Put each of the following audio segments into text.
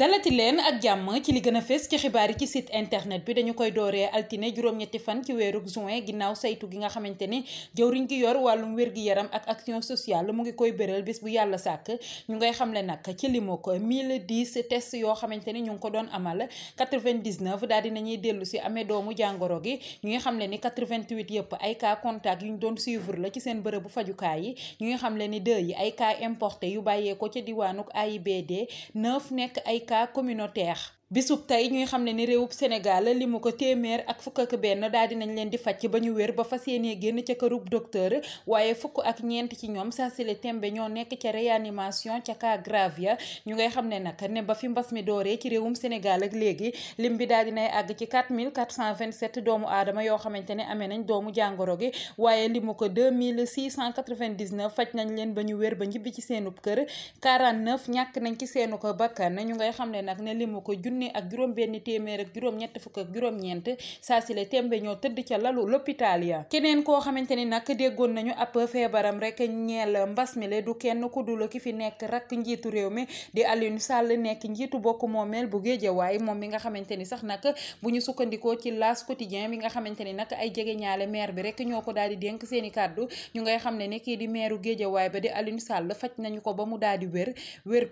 dalati leen ak jàmm ci li gën a fés ci xibaar yi ci site internet bi dañu koy dooree altine juróom-ñetti fan ci weeru juin ginnaaw saytu gi nga xamante ni jëwriñ gi yor wàllum wér-gi-yaram ak action sociale mu ngi koy béral bés bu yàlla sàkk ñu ngay xamle nag ci limu ko 1010 tests yoo xamante ni ñu ngi ko doon amal 99 daal di nañuy dellu si amee doomu jàngoro gi ñu ngi xamle ni 88 yëpp ay cas contact yu ñu doon suivre la ci seen bërëbu fajukaay yi ñu ngi xamle ni deux yi ay cas importé yu bàyyee ko ca diwaanuk AIBD 9 nekk syndicat communautaire bisub tey ñuy xam ne ni réewub Sénégal li ko téeméer ak fukk ak benn daal di nañ leen di fàcc ba ñu wér ba fa yéenee génn ca kërub docteur waaye fukk ak ñeent ci ñoom saa sile tembe ñoo nekk ca réanimation ca cas grave ya ñu ngay xam ne nag ne ba fi mbas mi dooree ci réewum Sénégal ak léegi lim bi daal di nay àgg ci 4427 doomu aadama yoo xamante ne amee nañ doomu jàngoro gi waaye li mu ko 2699 faj nañ leen ba ñu wér ba njibbi ci seenub kër 49 ñàkk nañ ci seenu ko bakkan ñu ngay xam ne nag ne li ko junni junni ak juróom benn téeméer ak juróom ñett fukk ak juróom ñeent saa si la tembe ñoo tëdd ca lalu l'hôpital ya keneen koo xamante ni nag déggoon nañu ab feebaram rek ñeel mbas mi le du kenn ku dul ki fi nekk rakk njiitu réew mi di Aliou Sall nekk njiitu bokk moomeel bu Géejawaay moom mi nga xamante ni sax nag bu ñu sukkandikoo ci L'As Quotidien bi nga xamante ni nag ay jege ñaale maire bi rek ñoo ko daal di dénk seen i kàddu ñu ngay xam ne ne kii di meeru Géejawaay ba di Aliou Sall faj nañu ko ba mu daal di wér wér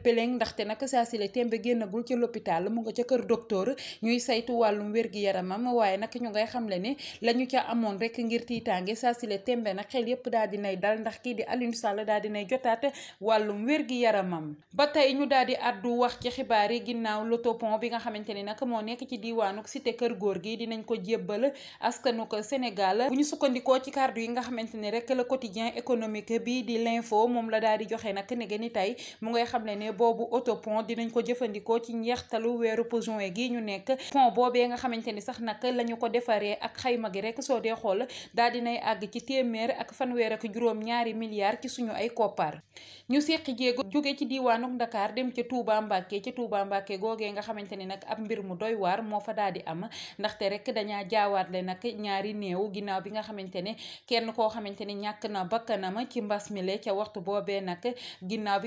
ca kër docteur ñuy saytu wàllum wér-gi-yaramam waaye nag ñu ngay xamle ni la ñu ca amoon rek ngir tiitaange saa si le tembe nag xel yépp daal dinay dal ndax kii di Aliou Sall daal dinay jotaat wàllum wér-gi-yaramam ba tey ñu daal di addu wax ci xibaar yi ginnaaw l'autopont bi nga xamante ni nag moo nekk ci diiwaanuk site kër góor gi dinañ ko jébbal askanu ko Sénégal bu ñu sukkandikoo ci kàddu yi nga xamante ni rek le quotidien économique bi di l'info moom la daal di joxe nag ne gën ni tey mu ngay xam ne dinañ ko jëfandikoo ci bépp juin gi ñu nekk fond boobee nga xamante ni sax nag la ñu ko defaree ak xayma gi rek soo dee xool daal nay àgg ci téeméer ak fanweer ak juróom ñaari milliards ci suñu ay koppar ñu seqi jéego jóge ci diiwaanuk ndakaar dem ca Touba Mbacké ca Touba Mbacké googee nga xamante ni nag ab mbir mu doy waar moo fa daal di am ndaxte rek dañaa jaawaatle nag ñaari néew ginnaaw bi nga xamante ne kenn koo xamante ni ñàkk na bakkanam ci mbas mi le ca waxtu boobee nag ginnaaw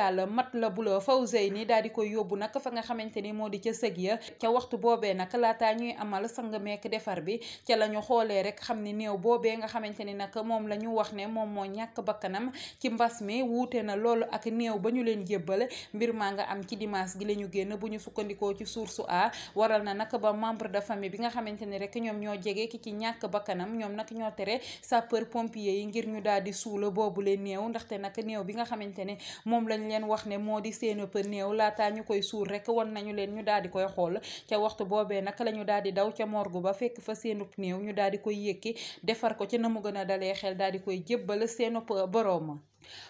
hôpital Matlaboul Fawzeyni daal di koy yóbbu nag fa nga xamante ni moo di ca sëg ya ca waxtu boobee nag laataa ñuy amal sang meek defar bi ca la ñu xoolee rek xam ni néew boobee nga xamante ni nag moom la ñu wax ne moom moo ñàkk bakkanam ci mbas mi wuute na loolu ak néew ba ñu leen jébbal mbir maa nga am ci dimanche gi la ñu génn bu ñu sukkandikoo ci source a waral na nag ba membre de famille bi nga xamante ni rek ñoom ñoo jege ki ci ñàkk bakkanam ñoom nag ñoo tere sapeur pompier yi ngir ñu daal di suula boobu leen néew ndaxte nag néew bi nga xamante leen wax ne moo di seen ëpp néew laataa ñu koy suur rek wan nañu leen ñu daal di koy xool ca waxtu boobee naka la ñu daal di daw ca morgue ba fekk fa seen ëpp néew ñu daal di koy yëkki defar ko ca na mu gën a dalee xel daal di koy jébbal seen ëpp boroom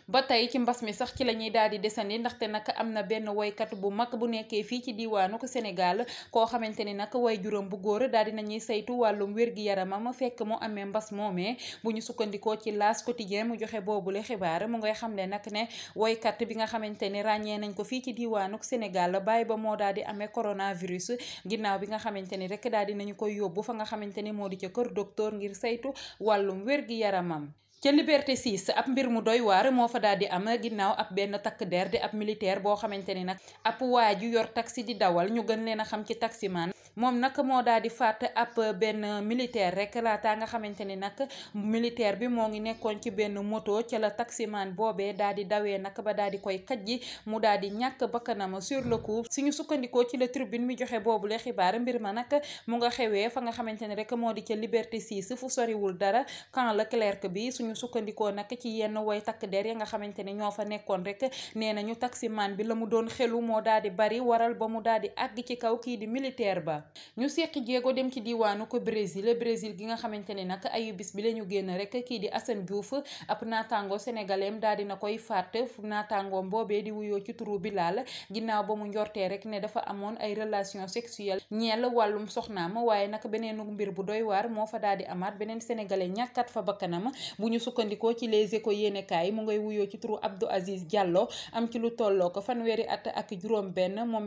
ba tey ci mbas mi sax ci la ñuy daal di desandi ndaxte nag am na benn woykat bu mag bu nekkee fii ci diwaanu ko Sénégal koo xamante ni nag way juróom bu góor daal di saytu wàllum wér-gi-yaramam fekk mu amee mbas moomee bu ñu sukkandikoo ci L'As Quotidien mu joxe boobule xibaar mu ngay xam ne nag ne woykat bi nga xamante ni ràññee nañ ko fii ci diwaanu Sénégal bàyyi ba moo daal di amee coronavirus ginnaaw bi nga xamante ni rek daal di nañu koy yóbbu fa nga xamante ni moo di ca kër docteur ngir saytu wàllum wér-gi-yaramam ca Liberté 6 ab mbir mu doy waar moo fa daal di am ginnaaw ab benn takk der di ab militaire boo xamante ni nag ab waa ju yor taxi di dawal ñu gën leen a xam ci taximaan moom nag moo daal di faat ab benn militaire rek laataa nga xamante ni nag militaire bi moo ngi nekkoon ci benn moto ca la taximaan boobee daal di dawee nag ba daal di koy kajji mu dal di ñàkk bakkanam sur le coup suñu sukkandikoo ci la tribune mi joxe boobule xibaar mbir ma nag mu nga xewee fa nga xamante ni rek moo di ca liberté 6 fu soriwul dara quand Leclerc bi suñu sukkandikoo nag ci yenn way takk der ya nga xamante ni ñoo fa nekkoon rek nee nañu taximaan bi la mu doon xelu moo daal di bari waral ba mu daal di àgg ci kaw kii di militaire ba ñu seqi jéego dem ci diiwaanu ko Brésil Brésil gi nga xamante ne nag ayu bis bi la ñu génn rek kii di Assane Diouf ab naataango sénégalais daal dina koy faat naataangoom boobee di wuyoo ci turu Bilal ginnaaw ba mu njortee rek ne dafa amoon ay relation sexuelle ñeel wàllum soxnaam waaye nag beneenu mbir bu doy waar moo fa daal di amaat beneen sénégalais ñàkkat fa bakkanam bu ñu sukkandikoo ci les échos yéenekaay mu ngay wuyoo ci turu Abdou Aziz Diallo am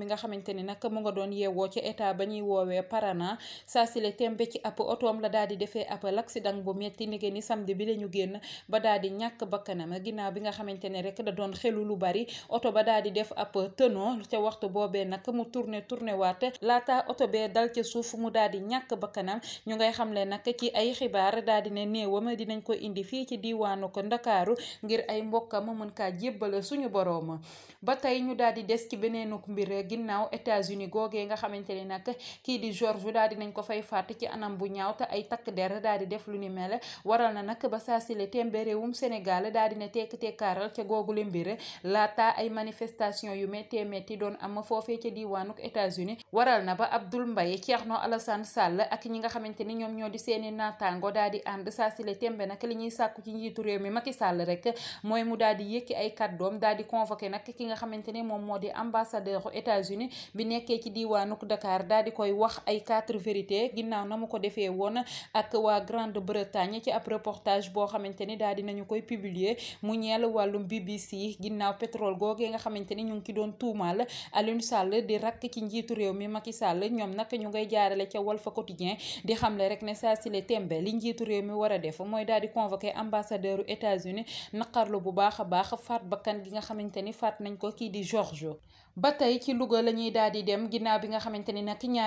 nga xamante ne nag mu nga doon yeewoo ca état woowee Parana saa si le tembe ci ab otoom la daal di defee ab l'accident bu metti ni ni samedi bi la ñu génn ba daal di ñàkk bakkanam ginnaaw bi nga xamante ne rek da doon xelu lu bari oto ba daal di def ab tënon ca waxtu boobee nag mu tourné laata oto bee dal ca suuf mu daal di ñàkk bakkanam ñu ngay xamle nag ci ay xibaar daal di ne néewam dinañ ko indi fii ci diwaanu ko Ndakaaru ngir ay mbokkam mën kaa jébbal suñu boroom ba tey ñu daal di des ci beneenu mbir ginnaaw États-Unis googee nga xamante ne nag kii di George daal di nañ ko fay fàtt ci anam bu ñaaw te ay takk der daal di def lu ni mel waral na nag ba saa sile tembe réewum Sénégal daal di na tekk tekkaaral ca googule mbir laata ay manifestation yu méttee métti doon am foofee ca diwaanuk États-Unis waral na ba Abdoul Mbaye Thierno Alassane Sall ak ñi nga xamante ni ñoom ñoo di seeni naataango daal di ànd saa sile tembe nag li ñuy sàkku ci njiitu réew mi Macky Sall rek mooy mu daal di yëkki ay kàddoom daal di convoqué nak ki nga xamante ni moom moo di ambassadeur États-Unis bi nekkee ci diwaanuk Dakar daal ko koy wax ay quatre vérités ginnaaw na mu ko defee woon ak waa Grande-Bretagne ci ab reportage boo xamante ni daal dinañu koy publier mu ñeel wàllum BBC ginnaaw pétrole googee nga xamante ni ñu ngi ki doon tuumaal Alioune Sall di rakk ci réew mi Macky Sall ñoom nag ñu ngay jaarale ca Walf Quotidien di xamle rek ne saa si le tembe li njiitu réew mi war a def mooy daal di convoqué ambassadeur u États-Unis naqarlu bu baax a baax faat bakkan gi nga xamante ni faat nañ ko kii di George ba tey ci Louga la ñuy dem ginnaaw bi nga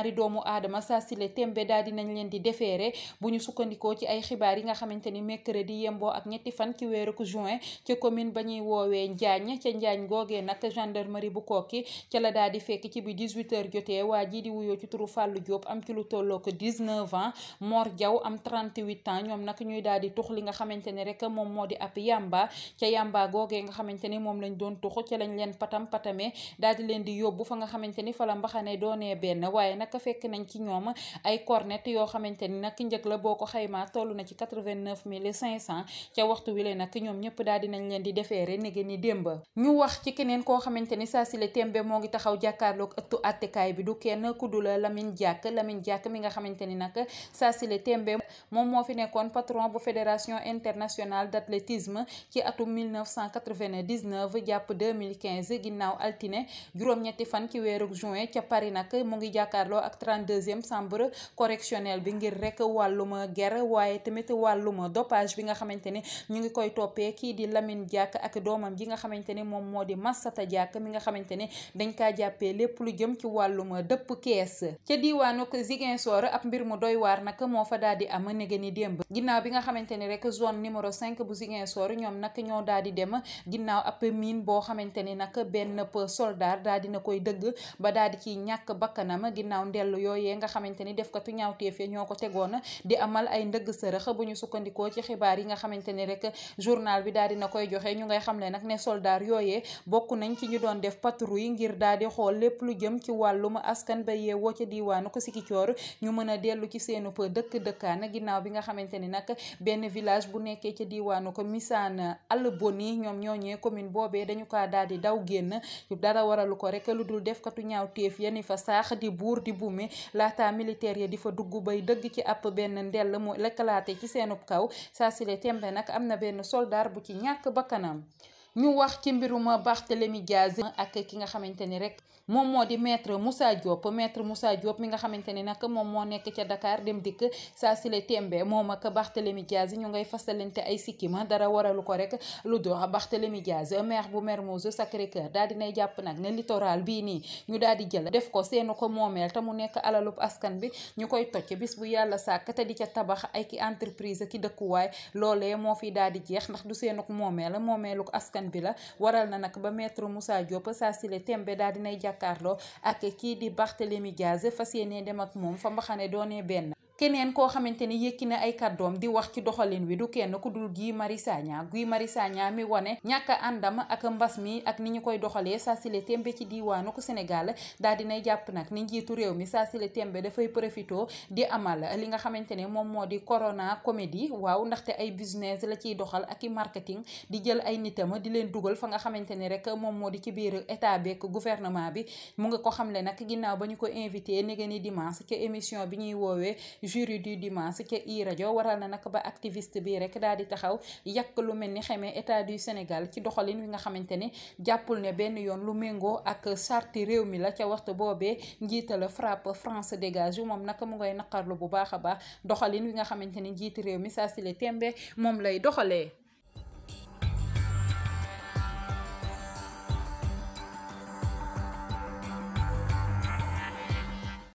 ñaari doomu aadama saa sile tembe daal di nañ leen di defeere bu ñu sukkandikoo ci ay xibaar yi nga xamante ni di yemboo ak ñetti fan ci weeru juin ca commune ba ñuy woowee Njaañ ca Njaañ googee nag gendarmerie bu Koki ca la daal di fekk ci bi 18h jotee waa jii di wuyoo ci turu Fallou Diop am ci lu tolloo ko 19 ans moor jaw am 38 ans ñoom nak ñuy daal di tux li nga xamante ni rek moom moo di ab yamba ca yamba googee nga xamante ni moom lañ doon tux ca leen patam patamee daal di leen di yóbbu fa nga xamante ni fa mbaxane doonee benn nag fekk nañ ci ñoom ay cornette yoo xamante ni nag njëg la boo ko xaymaa toll na ci quatre-vingt-neuf ca waxtu wi leen nag ñoom ñëpp daal dinañ leen di defeere nege ni démb ñu wax ci keneen koo xamante ni saa si la moo ngi taxaw jàkkaarloog ëttu attekaay bi du kenn ku dul Lamine Diack Lamine Diack mi nga xamante ni nag saa si la tembe moom moo fi nekkoon patron bu fédération internationale d'athlétisme ci atum 1999 jàpp 2015 ginnaaw altine juróom-ñetti fan ci weeru juin ca Paris nag mu ngi jàkkaarloo ak 32e chambre correctionnelle bi ngir rek wàllum ger waaye tamit wàlluma dopage bi nga xamante ne ñu ngi koy toppee kii di Lamine Diack ak doomam ji nga xamante ne moom moo di Massata Diack mi nga xamante ne dañ kaa jàppee lépp lu jëm ci wàllum dëpp kees ca diiwaanu Ziguinchor ab mbir mu doy waar nag moo fa daal di am néega ni démb ginnaaw bi nga xamante ne rek zone numéro 5 bu Ziguinchor ñoom nag ñoo daal di dem ginnaaw ab mine boo xamante ne nag benn soldat daal dina koy dëgg dellu yooyee nga xamante ni def katu ñaawteef ñoo ko tegoon di amal ay ndëgg sërëx bu ñu sukkandikoo ci xibaar yi nga xamante ni rek journal bi daal na koy joxe ñu ngay xam ne nag ne soldaar yooyee bokk nañ ci ñu doon def patrouille ngir daal di xool lépp lu jëm ci wàllum askan ba yeewoo ca diwaanu ko Sikicoor ñu mën a dellu ci seenu pa dëkk dëkkaan ginnaaw bi nga xamante ni nag benn village bu nekkee ca diwaanu ko Misaan Alboni ñoom ñooñee commune boobee dañu kaa daal di daw génn Buumi laata militaire ya di fa dugg bay dëgg ci ab benn ndell mu lëkkalaate ci seenub kaw saa sile tembe nag am na benn soldaar bu ci ñàkk bakkanam ñu wax ci mbirum Barthélémy Diaz ak ki nga xamante ni rek moom moo di maître Moussa Diop maître Moussa Diop mi nga xamante ni nag moom moo nekk ca Dakar dem dikk saa si le tembe moom ak Barthélémy Diaz ñu ngay fasalante ay sikkima dara waralu ko rek lu dox Barthélémy Diaz maire bu Mermoz Sacré-Cœur daal dinay jàpp nag ne littoral bii nii ñu daal di jël def ko seenu ko moomeel te mu nekk alalub askan bi ñu koy tocc bis bu yàlla sàkk te di ca tabax ay ki entreprise ki dëkkuwaay loolee moo fi daal di jeex ndax du seenuk moomeel moomeeluk askan askan bi la waral na nag ba maître Moussa Diop saa sile tembe daal dinay jàkkaarloo ak kii di Barthélémy Diaz fas yéene dem ak moom fa mbaxane doonee benn keneen koo xamante ne yëkki na ay kàddoom di wax ci doxalin wi du kenn ku dul Guy Marius Sagna Guy Marius Sagna mi wane ñàkk àndam ak mbas mi ak ni ñu koy doxalee saa sile tembe ci diiwaanu ko Sénégal dal dinay jàpp nag ni njiitu réew mi saa sile tembe dafay profito di amal li nga xamante ne moom moo di corona comédie waaw ndaxte ay business la ciy doxal ak i marketing di jël ay nitam di leen dugal fa nga xamante ne rek moom moo di ci biir état beeg gouvernement bi mu nga ko xam xamle nag ginnaaw ba ñu ko invité ni dimanche ci émission bi ñuy woowee jury du dimanche ca i rajo waral na nag ba activiste bi rek daal di taxaw yàq lu mel ni xamee état du Sénégal ci doxalin wi nga xamante ne jàppul ne benn yoon lu méngoo ak sarti réew mi la ca waxtu boobee njiital frappe France dégage moom nag mu ngay naqarlu bu baax a baax doxalin wi nga xamante ne njiiti réew mi saa sile tembe moom lay doxalee